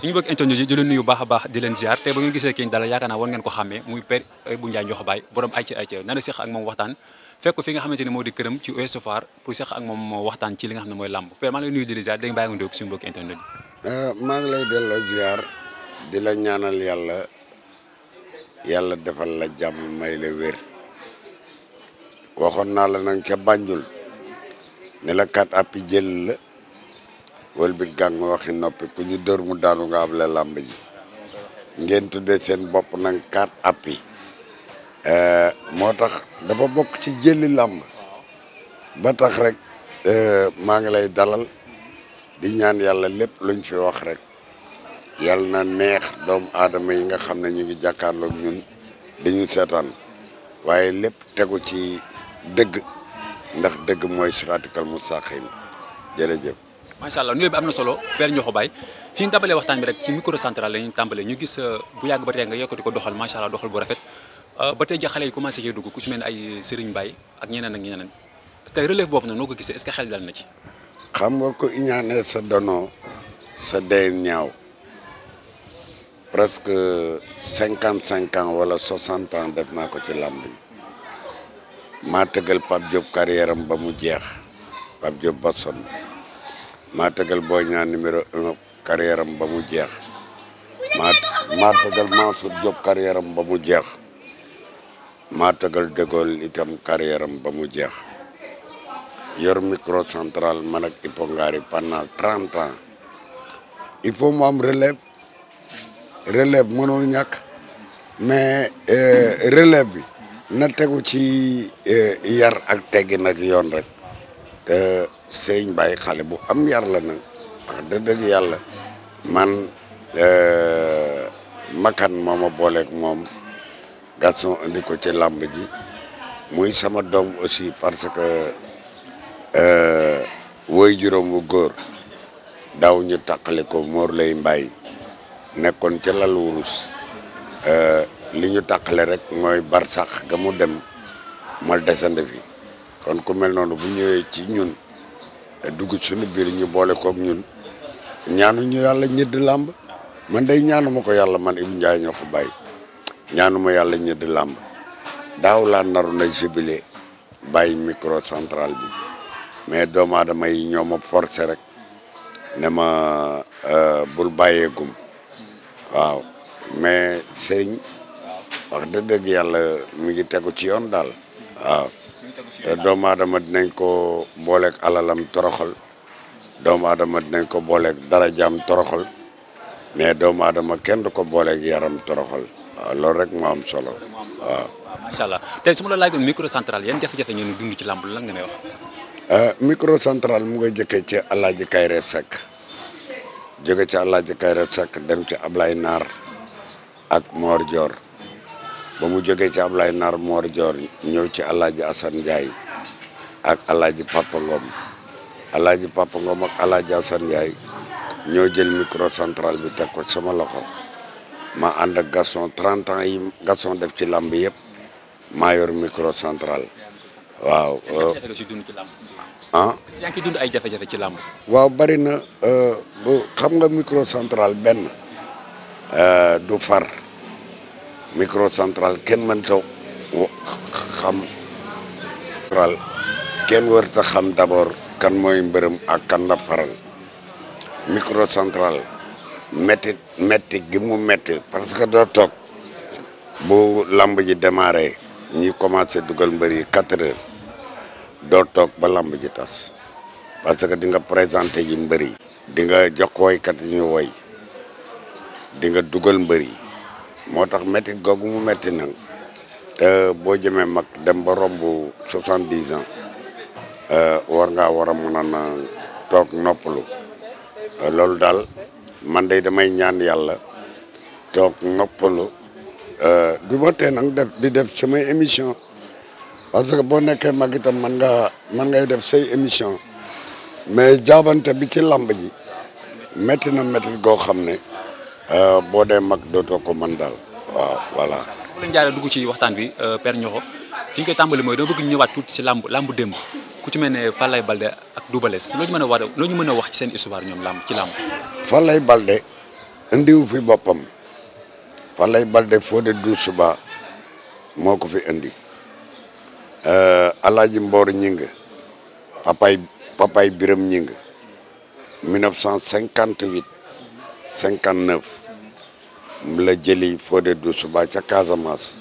suñu bëgg internet yi di leen nuyu baax a baax di leen ziar te ba ngeen gisee kiñ dala yaakaar naa war ngeen ko xàmmee muy père bu Ndiaye Ndiokhbaye borom ay ci ay ci nar a seq ak moom waxtaan fekk fi nga xamante ne moo di këram ci US Sofar pour seq ak moom waxtaan ci li nga xam ne mooy làmb père maa ngi lay nuyu di leen ziar di leen bàyyi nga euh, la ñaanal yàlla yàlla defal la jàmm may la wér waxoon naa la nag ca Banjul ne la kat appi jël la wëlbit gàngu waxi noppi ku ñu dër mu daanu nga am la làmb ji ngeen tudde seen bopp nag quatre appi eh, moo tax dafa bokk ci jëli làmb ba tax rek eh, maa ngi lay dalal di ñaan yàlla lépp luñ fi wax rek yàlla na neex doomu aadama yi nga xam ne ñu ngi jàkkaarloog ñun di seetaan waaye lépp tegu ci dëgg ndax dëgg mooy siraatal mustaqim jërëjëf macha allah nuyoo bi am na solo Père Ndiokho Baye fi ñu tàmbalee waxtaan bi rek ci microcentral la ñu tàmbalee ñu gis euh, bu yàgg ba tey nga yokkati ko doxal macha allah doxal bu rafet euh, ba tey ja xale yi commencé cee dugg ku ci mel ne ay Serigne Baye ak ñeneen ak ñeneen tey relève boobu na noo ko gisee est-ce que xel dal na ci. xam nga ko iñaanee sa dono sa dey ñaaw presque cinquante cinq ans wala soixante ans def naa ko ci làmb yi maa tëggal Pape Diop ba mu jeex Pape maa tegal Boy Niang numéro un carrière am ba mu jeex maa maa tegal Mansour Diop carrière am ba mu jeex maa tegal De Gaulle itam carrière am ba mu jeex yor micro central man ak Ipo Ngari pendant trente il faut mu am relève relève mënul ñàkk mais euh, relève bi na tegu ci euh, yar ak teggi nag yoon rek euh, sëñ Baye xale bu am yar la nag wax dëgg yàlla man euh, makan moo ma booleeg moom Gaston indi ko ci làmb ji muy sama doom aussi parce que euh, woy juróom bu góor daaw ñu taqale ko Mor lay Mbaye nekkoon ca lal wurus euh, li ñu taqale rek mooy barsax ga mu dem ma desande fi kon ku mel noonu bu ñëwee ci ñun dugg ci suñu biir ñu boole kook ñun ñaanuñu yàlla ñëdd làmb man day ñaanuma ko yàlla man Ibou Ndiaye ñoo ko bàyyi ñaanuma yàlla ñëdd làmb daaw laa naru na jubile bàyyi micro central bi mais doomu aadama yi ñoo ma forcé rek ne ma euh, bul bàyyeegum waaw mais sëriñ wax dëgg yàlla mi ngi tegu ci yoon daal waaw te eh, doomu aadama dinañ ko booleeg alalam toroxal doomu aadama dinañ ko booleeg darajaam toroxal mais doomu aadama kenn du ko booleeg yaram toroxal waaw ah, loolu rek moo am solo waaw. Ah. macha allah tey su ma la laajoon microcentral yan jafe-jafe ngeen dund ci làmb lan nga may wax. Eh, microcentral mu nga jëkkee ci Alaaji Kayre Seck jóge ci Alaaji Kayre sekk dem ci Ablaye Naar ak Mor Dior. ba mu jógee ci Ablaye Nar Mor Dior ñëw ci alaaji Assane Ndiaye ak alaaji Papa Ngom alaaji Papa ak alaaji Assane Ndiaye ñoo jël micro central bi teg ko sama loxo ma ànd ak Gaston 30 ans yi Gaston def ci làmb yëpp maa yor micro central waaw. Euh, ah. yaa ci làmb. waaw bari na euh, bu nga micro central benn euh, du far. microcentral kenn mën ta xam central kenn wër ta xam d'abord kan mooy mbërëm ak kan la faral microcentral métti métti gi mu métti parce que doo toog bu lamb ji démarré ñi commencé dugal mbër yi doo toog ba lamb ji tas parce que di nga présenté ji mbër yi di nga jox woykat yi ñu woy di nga dugal mbëri moo tax métti googu mu métti nag te boo jëmee mag dem ba romb soixante-dix ans euh, war ngaa war a mën a na toog noppalu euh, loolu daal man day damay ñaan yàlla toog noppalu euh, du ma tee nag di def samay émission parce que boo nekkee mag itam man nga man ngay def say émission mais jabante bi ci làmb ji métti na métti goo xam ne Euh, boo dee mag dootoo ko mën daal waaw voilà. bu leen jaaree dugg ci waxtaan bi euh, Père Niokho fi ñu koy tàmbali mooy dama bëgg ñu ñëwaat tuuti si lamb làmb démb ku ci mel ne Falaye Balde ak Double Less loo mën a wax loo ñu mën a wax ci seen histoire ñoom làmb ci làmb. falay Balde indiwu fi boppam Falaye Balde Fodé Doussouba moo ko fi indi euh, Alaaji Mboor Ñing papay papay Biram Ñing 1958 59 mu la fode Fodé suba ca Casamance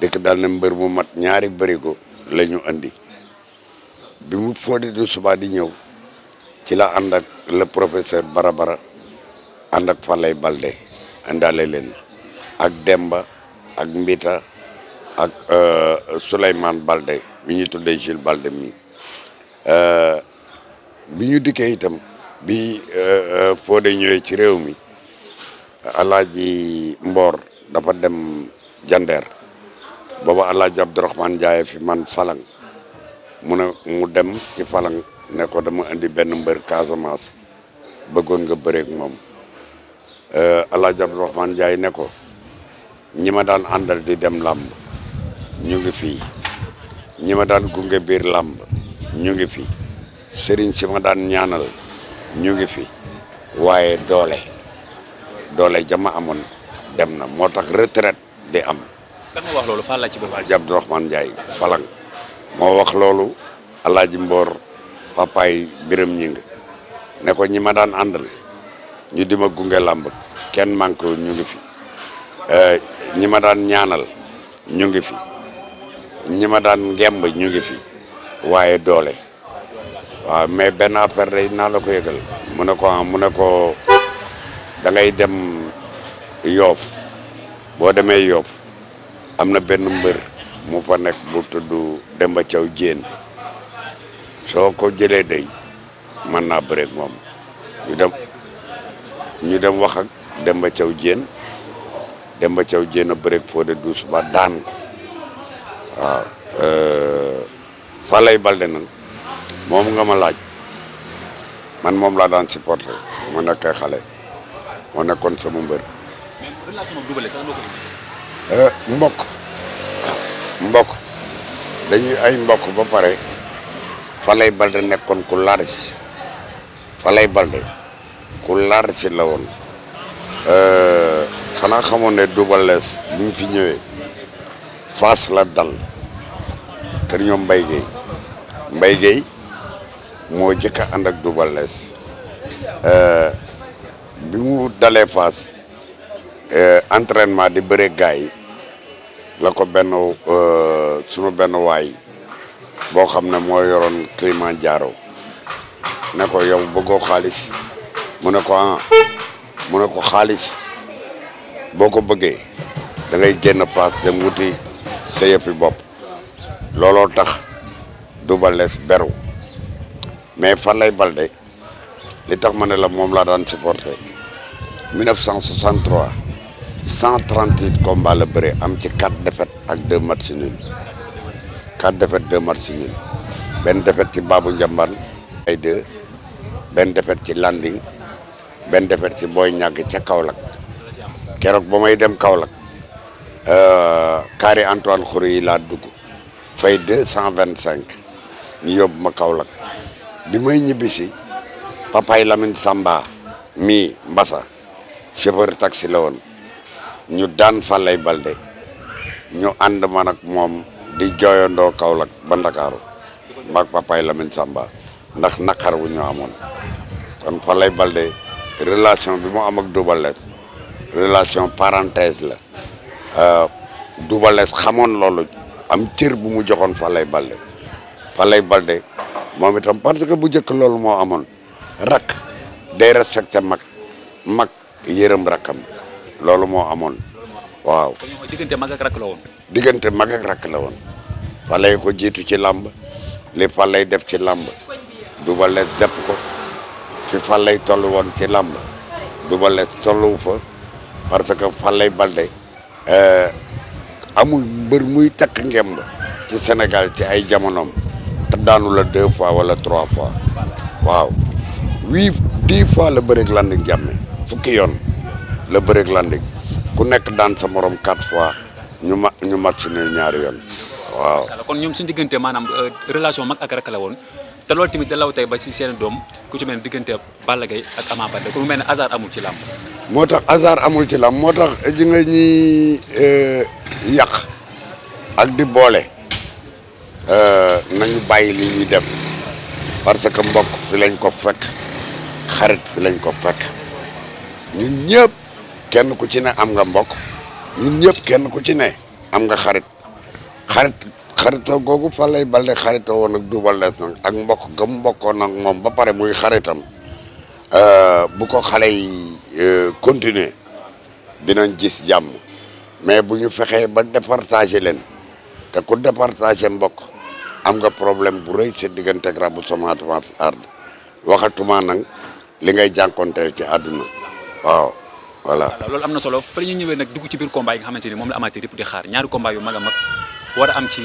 dëkk daal na mbër mu mat ñaari bërigo la ñu andi bi mu du Doussouba di ñëw ci la ànd ak le professeur Barabara ànd ak Falay Balde àndaale leen ak Demba ak Mbita ak euh, Souleymane Balde bi ñu tuddee Jules Balde mi euh, bi ñu dikkee itam bi euh, Fodé ñëwee ci réew mi alaaji mboor dafa dem jandeer booba alaaji abdourahman Ndiaye fi man falang mu ne dem ci falang ne ko dama indi benn mbër Casamance bëggoon nga bëreek moom euh, alaaji abdourahman Ndiaye ne ko ñi ma daan àndal di dem làmb ñu ngi fii ñi ma daan gunge biir làmb ñu ngi fi sëriñ si ma daan ñaanal ñu ngi fi waaye doole doole jama amoon dem na moo tax retraite di am. kan moo la ci boppam. Alaaji Abdourahmane Ndiaye Falang moo wax loolu Alaaji Mboor papaay Biram Ñing ne ko ñi ma daan àndal ñu dima ma gunge làmb kenn manqué ñu fi eh, ñi ma daan ñaanal ñu ngi fi ñi ma daan ngemb ñu ngi fi waaye doole waaw mais benn affaire day naa la ko yëgal mu ne ko mu ne ko. da ngay dem yoof boo demee yoof am na benn mbër mu fa nekk bu dem ba caw Diène soo ko jëlee day mën naa bëre moom ñu dem ñu dem wax ak Demba Thiaw Diène Demba Thiaw Diène a bëre ak Fodé Doussouba daan ko waaw euh, Falaye Baldé nag moom nga ma laaj man moom laa daan supporter ma nekk xale moo nekkoon sama mbër. mais relation ak euh, mbokk dañuy ay mbokk ba pare fa lay balde nekkoon ku large fa lay balde ku large la woon euh, xanaa xamoon ne Double Less bi mu fi ñëwee Fass la dal kër ñoom mbay Guèye mbay Guèye moo jëkk a ànd ak Double Less euh, bi mu dalee Fass euh, entraînement di bëree gars yi la ko benn euh, sunu benn waay boo xam ne moo yoroon Kilimanjaro ne ko yow bëggoo xaalis mu ne ko ah mu ne ko xaalis boo ko bëggee da ngay génn Fass dem wuti sa yëppi bopp looloo tax du ba les beru mais fan lay balde li tax ma ne la moom laa daan supporté 1963 138 combats la bëre am ci 4 défaites ak 2 matchs nuls 4 défaites 2 matchs nuls benn défaite ci Babou Ndiamban ay 2 benn défaite ci Landing benn défaite ci Boy Niang ca Kaolack keroog ba may dem Kaolack carré euh, Antoine Khoury yi laa dugg fay 225 ñu yóbbu ma Kaolack bi may ñibbisi. papay Lamine Samba mi Mbassa chauffeur taxi la woon ñu daan Falaye Balde ñu ànd man moom di jooyandoo Kaolack bandakaaru Ndakaaru papay Lamine Samba ndax naqar wu ñu amoon kon Falaye Balde relation bi mu am ak Double Less relation parenthèse la euh, Double Less xamoon loolu am cër bu mu joxoon Falaye Balde Falaye Balde moom itam parce que bu njëkk loolu moo amoon rakk day respecté mag mag yërëm rakkam loolu moo amoon waaw. diggante mag rakk la woon. diggante mag ak la woon. Fallay ko jiitu ci làmb li Fallay def ci lamb Double Less def ko fi Fallay toll woon ci làmb Double Less tollu fa parce que Fallay Baldé eh, amul mbër muy takk ngemb ci senegal ci ay jamonoom te daanu la deux fois wala trois fois waaw. huit dix fois la bëreeg landing jàmme fukki yoon la bëreeg landing ku nekk daan sa morom quatre fois ñu ma ñu match ne ñaari yoon waaw. kon ñoom suñu diggante maanaam euh, relation mag ak woon te loolu tamit da law ba si seeni doom ku ci mel ne diggante Balla Gaye ak Ama Baldé ku mu mel ne hasard amul ci làmb. moo tax hasard amul ci lam moo tax ji nga ñuy euh, yàq ak di boole euh, nañu bàyyi li ñuy def parce que mbokk fi lañ ko fekk. xarit bi lañ ko fekk ñun ñëpp kenn ku ci ne am nga mbokk ñun ñëpp kenn ku ci ne am nga xarit xarit xaritoo googu fa lay balde xaritoo woon ak duubal lees nag ak mbokk ga mu mbokkoon ak moom ba pare muy xaritam euh, bu ko xale yi euh, continuer dinañ gis jàmm mais bu ñu fexee ba départager leen te ku départager mbokk am nga problème bu rëy sa diggante ak rabu sama waxatuma nag li ngay jànkonteel ci àdduna waaw voilà loolu am na solo fa la ñuy ñëwee nag dugg ci biir combat yi nga xamante ni moom la amateur yëpp di xaar ñaari combat yu mag a mag war a am ci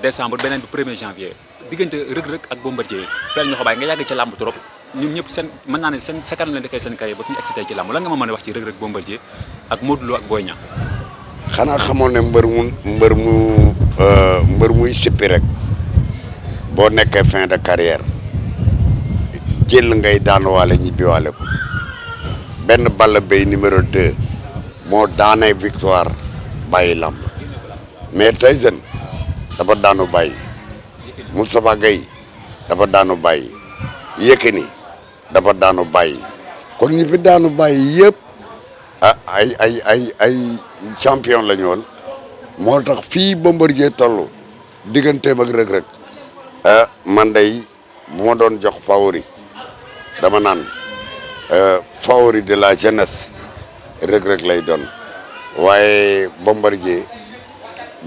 décembre beneen bi premier janvier diggante rëg-rëg ak bombardier pel ñoo xabaay nga yàgg ci làmb trop ñun ñëpp seen mën naa ne seen sa kanam leen defee seen carrière ba fi ñu excité ci làmb lan nga ma mën a wax ci rëg-rëg bombardier ak Modou Lo ak Boy Niang xanaa xamoon ne mbër mu mbër mu euh, mbër muy sippi rek boo nekkee fin de carrière jël ngay daan waale ñibbiwaale ko benn Balla Gaye numéro 2 moo daane victoire bàyyi làmb mais Tyson dafa daanu bàyyi Moustapha Gueye dafa daanu bàyyi Yékini dafa daanu bàyyi kon ñi fi daanu bàyyi yëpp ah ay ay ay ay champion la ñu moo tax fii Bombardier toll digganteem ak rek Reug ah man day bu ma doon jox favori dama naan euh, favori de la jeunesse Reug Reug lay doon waaye Bombardier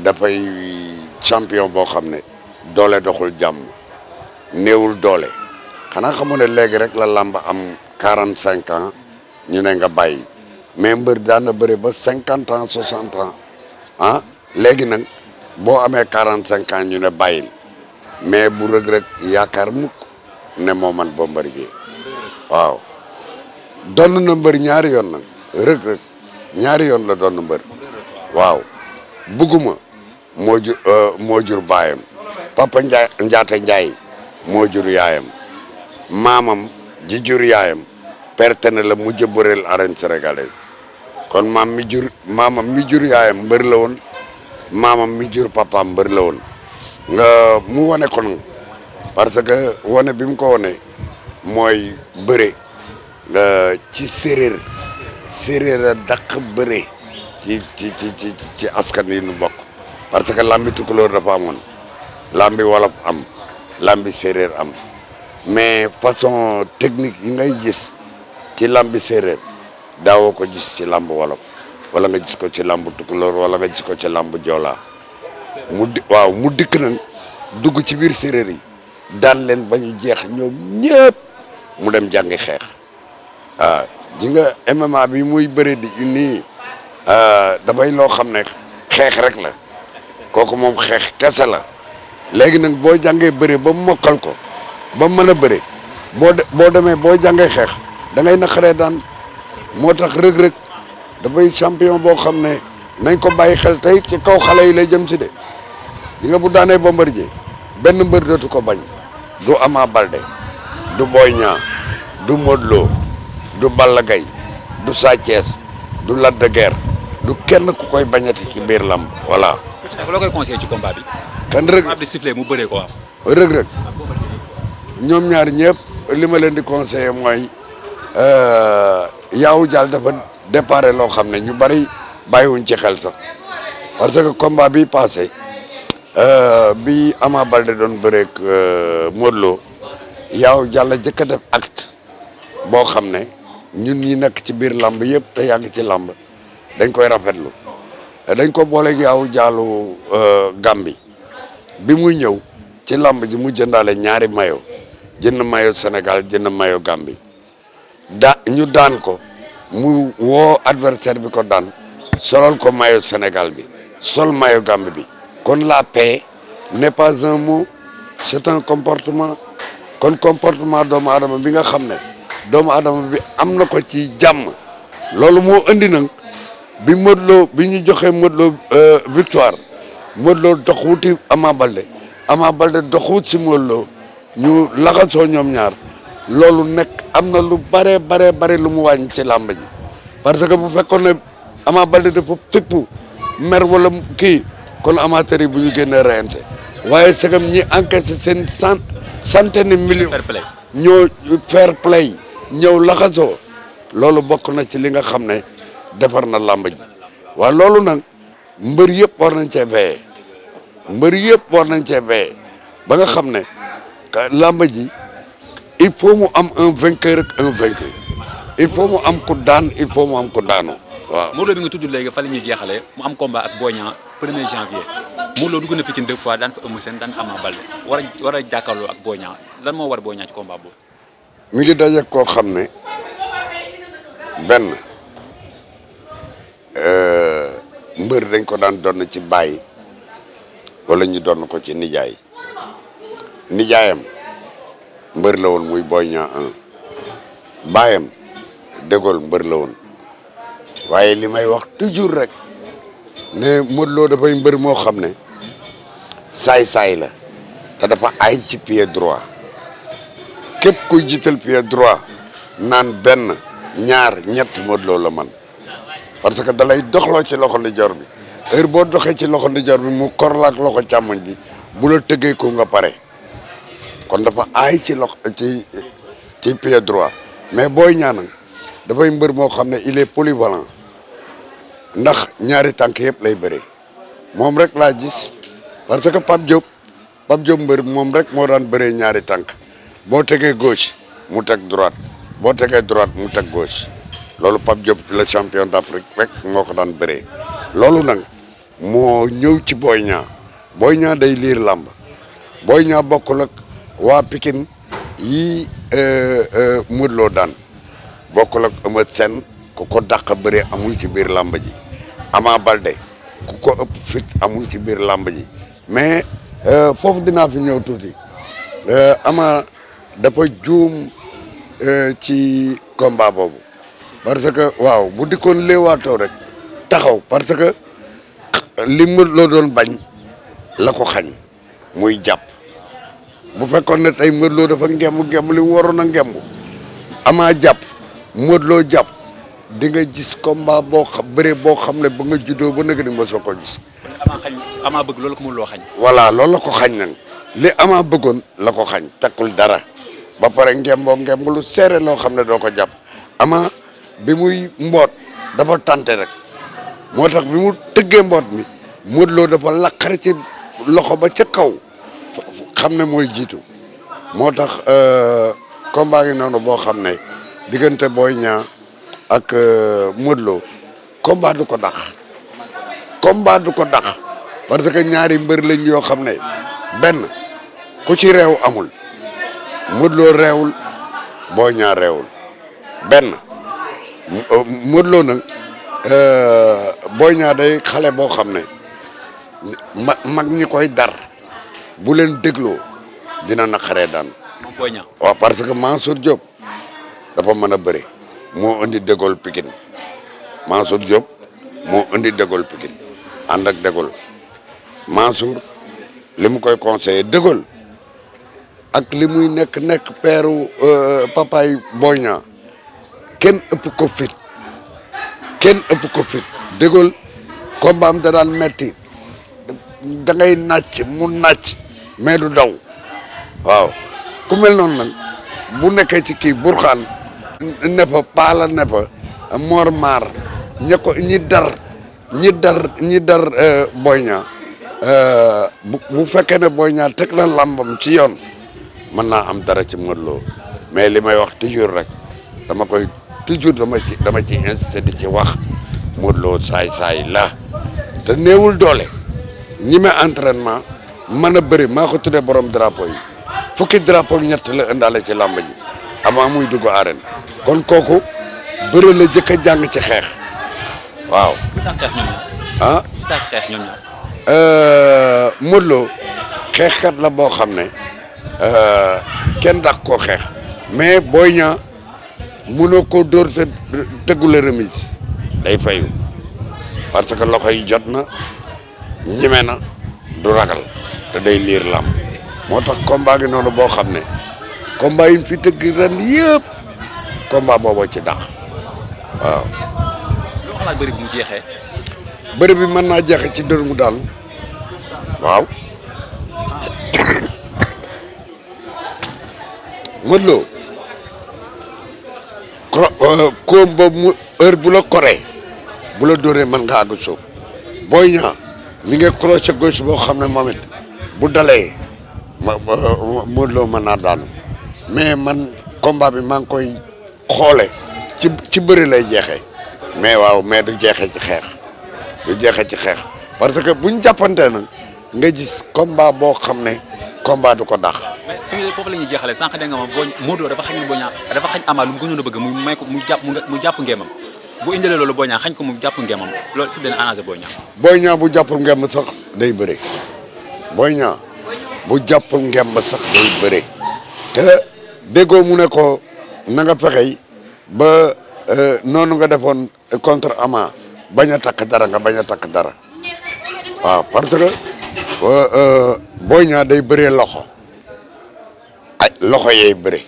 dafay champion boo xam ne doole doxul jàmm néewul doole xanaa xamu ne léegi rek la lamb am quarante cinq ans ñu ne nga bàyyi mais mbër daan na bëre ba cinquante ans soixante ans ah léegi nag boo amee quarante cinq ans ñu ne bàyyil mais bu Reug Reug yaakaar mukk ne moo man Bombardier waaw don na mbër ñaari yoon nag rëg rëg ñaari yoon la doon mbër waaw bugguma moo jur euh, jur baayam papa Ndiaye Ndiaata Ndiaye moo jur maamam ji jur yaayam perte na la mu jëbëreel arène sénégalaise kon mam mi jur maamam mi jur yaayam la woon maamam mi jur papaam mbër la woon nga mu wone ko parce que wone bi mu ko wane mooy bëre ci séréer séréer a dàq bëre ci ci ci ci askan yi nu bokk parce que làmbi tukulóor dafa amoon làmbi wolof am làmbi séréer am mais façon technique yi ngay gis ci làmbi séréer daawoo ko jis ci làmb wolof wala nga gis ko ci làmb tukulóor wala nga gis ko ci làmb joola mu di mu dikk nag dugg ci biir séréer yi daan leen ñu jeex ñoom ñëpp mu dem jàngi xeex ah ji nga bi muy bëri di nii ah, dafay loo xam ne xeex rek la kooku moom xeex kese la léegi nag boo jàngee bëri ba mu mokkal ko ba mu mën a bëri boo boo demee boo jàngee xeex dangay ngay daan moo tax rëg-rëg dafay champion boo xam ne nañ ko bàyyi xel tey ci kaw xale yi lay jëm si de di nga bu daanee Bombardier benn mbër dootu ko bañ du Ama Baldé du Boy Niang du Modou du Balla Gaye du Sa Thiès du Lac de du kenn ku koy bañati ci biir lamb voilà. loo koy conseillé ci combat bi. kan rëg rëg di mu bëree ko waaw. ñoom ñaar ñëpp li ma leen di conseillé mooy euh, yaaw jaal dafa déparé loo xam ne ñu bari bàyyiwuñ ci xel sax parce que combat bi passé euh, bi Ama Baldé doon bëreeg euh, Modou Lo yow Jàlla jëkk a def acte boo xam ne ñun ñi nekk ci biir làmb yëpp te yàgg ci lamb dañ koy rafetlu dañ ko booleeg yow jaalu euh, Gàmbi bi muy ñëw ci lamb ji mu jëndaale ñaari mayo jënd mayo Sénégal jënd mayo Gàmbi da ñu daan ko mu woo adversaire bi ko daan solol ko mayo Sénégal bi sol mayo Gàmbi bi kon la paix n'est pas un mot c'est comportement kon comportement doomu aadama bi nga xam ne doomu adama bi am na ko ci jàmm loolu moo indi nag bi Modou Lo bi ñu joxee Modou Lo euh, victoire Modou Lo dox wuti Ama Baldé Ama Baldé dox wut si Modou Lo ñu laxasoo ñoom ñaar loolu nekk am na lu bare bare bare lu mu wàññi ci làmb ji parce que bu fekkoon ne Ama de dafa tëpp mer wala kii kon amateurs yi bu ñu génnee reyante waaye segam ñi encaissé seen sant centaine de millions ñoo fair play ñëw laxasoo loolu bokk na ci li nga xam ne defar na làmb waa loolu nag mbër yëpp war nañ cee veillé mbër yëpp war nañ cee veillé ba nga xam ne làmb ji il faut mu am un vainqueur ak un vainqueur il faut mu am ku daan il faut mu am ku daanu waaw. Modou nga tudd léegi fa la ñuy jeexalee mu am combat ak Boy Niang 1 Modou Lo dugg na Pikine deux fois daan fa Eumeu Sène daan fa Ama war a war a jàkkaarloo ak Boy Niang lan moo war Boy Niang ci combat boobu. mi ngi daje koo xam ne benn euh, mbër dañ ko daan doon ci baay wala ñu doon ko ci nijaay nijaayam mbër la woon muy Boy Niang 1 baayam dégool mbër la woon waaye li may wax toujours rek ne Modou Lo dafay mbër moo xam ne saay-saay la te dafa ay ci pied droit képp kuy jiital pied droit naan benn ñaar ñett Modou Lo la man parce que da lay doxloo ci loxo ndijoor bi heure boo doxee ci loxo ndijoor bi mu korlaak loxo càmmoñ bi bu la tëggee ko nga pare kon dafa aay ci loxo ci ci pied droit mais booy ñaanal dafay mbër moo xam ne il est polyvalent ndax ñaari tànk yëpp lay bëree moom rek laa gis parce que Pape Diop Pape Diop mbër moom rek moo daan bëree ñaari tànk boo tegee gauche mu teg droite boo tegee droite mu teg goos loolu Pape Diop la champion d'Afrique rek moo ko daan bëree loolu nag moo ñëw ci Boy Niang Boy Niang day liir làmb Boy Niang bokkul ak waa Pikine yi euh, euh, Modou Lo daan bokkul ak Eumeu Sène ku ko dàq bëree amul ci biir làmb ji Ama Baldé ku ko ëpp fit amul ci biir làmb ji mais euh, foofu dinaa fu ñëw tuuti euh, ama dafa juum euh, ci combat boobu parce que waaw bu dikkoon léewaatoo rek taxaw parce que li mu loo doon bañ la ko xañ muy jàpp bu fekkoon ne tey Modou Lo dafa ngemb ngemb li waroon a ngemb amaa jàpp Modou Lo jàpp di nga gis combat boo xam bëre boo xam ne ba nga juddoo ba nag ni ma soo amaa amaa bëgg lool ko mënuloo xañ. voilà loolu la ko xañ nag li amaa bëggoon la ko xañ takkul dara ba pare ngemboo ngemb lu seere loo xam ne doo ko jàpp ama bi muy mboot dafa tante rek moo tax bi mu tëggee mboot mi Modou Lo dafa laqare ci loxo ba ca kaw xam ne mooy jiitu moo tax euh, combat ngi noonu boo xam ne diggante booy Niang ak euh, Modou Lo combat du ko dax comme combat du ko dax parce que ñaari mbër lañ yoo xam ne benn ku ci réew amul Modou Lo réewul Boy Niang réewul benn Modou Lo nag euh, Boy Niang day xale boo xam ne ma mag ñi koy dar bu leen dégloo dina naqaree daan waaw parce que maa Mansour Diop dafa mën a bëri moo indi dégol Pikine Mansour Diop moo indi dégol Pikine ànd ak De Gaulle Mansour li mu koy conseillé De ak li muy nekk nekk peeru euh, papaay Boy Niang kenn ëpp ko fit kenn ëpp ko fit De Gaulle combat metti da ngay nàcc mu nàcc mais du daw waaw ku mel noonu bu nekkee ci kii burxaan ne fa paala ne fa moor maar ña ñi dar ñi dar ñi dar euh, Boy Niang euh, bu bu fekkee ne Boy Niang teg na làmbam ci yoon mën naa am dara ci Modou mais li may wax toujours rek dama koy toujours dama ci dama ci insisté di ci wax Modou Lo saay saay la te néewul doole ñi ma entraînement mën a bëri maa ko tuddee borom drapeau yi fukki drapeau ñett la indaale ci làmb ji avant muy dugg arène kon kooku bëri la jëkk a jàng ci xeex waaw. lu tax xeex ñoom ah lu euh, la boo xam ne euh, kenn dax koo xeex. mais Boy Niang mënoo ko dóor te tëggu la remise. day fayu parce que loxo yi jot na ñeme na du ragal te day liir lam moo tax combat gi noonu boo xam ne combat yi fi tëgg ren yëpp combat booboo ci dax waaw. xalaat bëri bi mu jeexee. bëri bi mën naa jeexe ci dër mu daal waaw. Modou Lo euh, koom boobu mu heure bu la koree bu la dóoree mën nga àgg booy ñaa mi ngi crochet gauche boo xam ne moom bu dalee ma Modou mën naa daanu mais man combat bi maa ngi koy xoole ci ci bëri lay jeexee. mais waaw mais du jeexee ci xeex du jeexee ci xeex parce que buñ jàppantee nag nga gis combat boo xam ne combat du ko dax. mais foofu la ñuy jeexalee sànq da nga ma boo Modou dafa xañ Boy a dafa xañ Ama lu mu gënoon a bëgg mu may ko mu jàpp mu jàpp ngeemam bu indilee loolu Boy Niang xañ ko mu jàpp ngeemam loolu si dana arrangé Boy Niang. Boy Niang bu jàppul ngeem sax day bëre Boy Niang bu jàppul ngeem sax day bëre te déggoo mu ne ko na nga fexey ba euh, noonu nga defoon. contre Ama bañ a takk dara nga bañ a takk dara waaw parce que euh, euh, Boy Niang day bëree loxo ay loxo yey bëre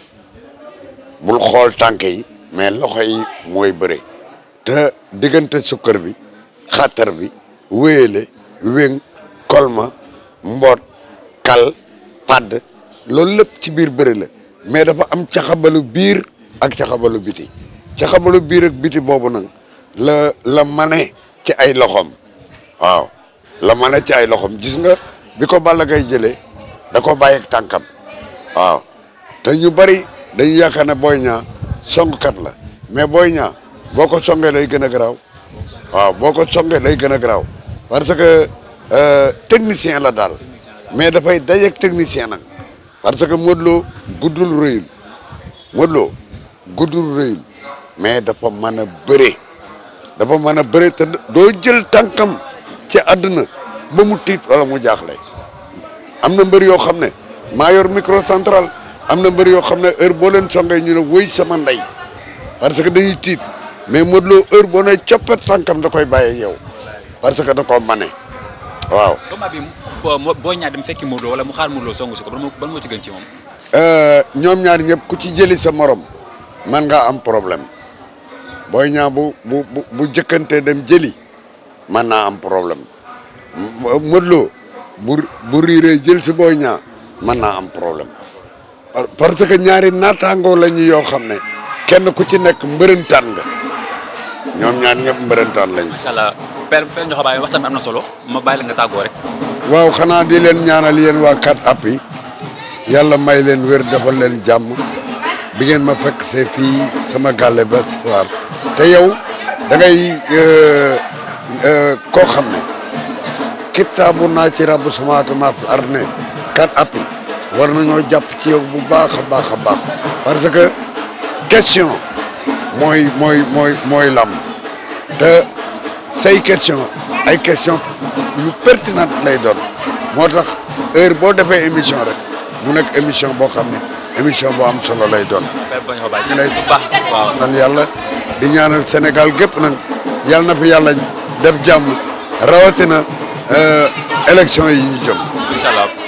bul xool tànk yi mais loxo yi mooy bëre te diggante sukkar bi xatar bi wéyale wéng kolma mbot kal padd loolu lépp ci biir bëre la mais dafa am caxabalu biir ak caxabalu biti caxabalu biir ak biti boobu nag la la mane ci ay loxoom waaw la mane ci ay loxoom gis nga bi ko Balla gay jëlee da ko bàyyi ak tànkam waaw te ñu bari dañu yaakaar ne Boy Niang songkat la mais booy ñaa boo ko songee lay gën a garaaw waaw boo ko songee lay gën a garaaw parce que euh, technicien la daal mais dafay dajeeg technicien nag parce que Modou Lo guddul rëyul Modou Lo guddul rëyul mais dafa mën a bëre dafa mën a bëre te doo jël tànkam ci àdduna ba mu tiit wala mu jaaxle am na mbër yoo xam ne maa yor micro central am na mbër yoo xam ne heure boo leen songee ñu ne wëy sama ndey parce que dañuy tiit mais Modou Lo heure boo ne coppet tànkam da koy bàyyee yow parce que da koo mane waaw. combat bi boo ñaar dem fekki Modou Lo wala mu xaar Modou Lo songu si ko ba moo ci gën ci moom. Euh, ñoom ñaar ñëpp ku ci jëli sa morom man ngaa am problème. Boy Niang bu bu bu jëkkante dem jëli man naa am problème Modou Lo riiree jël si Boy Niang mën naa am problème parce que ñaari naataangoo la ñu yoo xam ne kenn ku ci nekk mbërëntaan nga ñoom ñaar ñëpp mbërëntaan lañ. macha allah père père Ndiokhobaye waxtaan am na solo ma bàyyi la nga tàggoo rek. waaw xanaa di leen ñaanal waa 4appuis yàlla may leen wér defal leen jàmm. bi ngeen ma fekk see fii sama gàlle ba soir te yow da ngay euh, euh, koo xam ne kitaabu naa ci rabu samawaati maa fi arne kat appi war ñoo jàpp ci yow bu baax a baax a baax parce que question mooy mooy mooy mooy làmb te say question ay question yu pertinente lay doon moo tax heure boo defee émission rek mu nekk émission boo xam ne émission bu am solo lay doon. ñu lay nan yàlla di ñaanal Sénégal gépp nag yàlla na fi yàlla def jàmm rawatina euh, élection yi ñu jëm.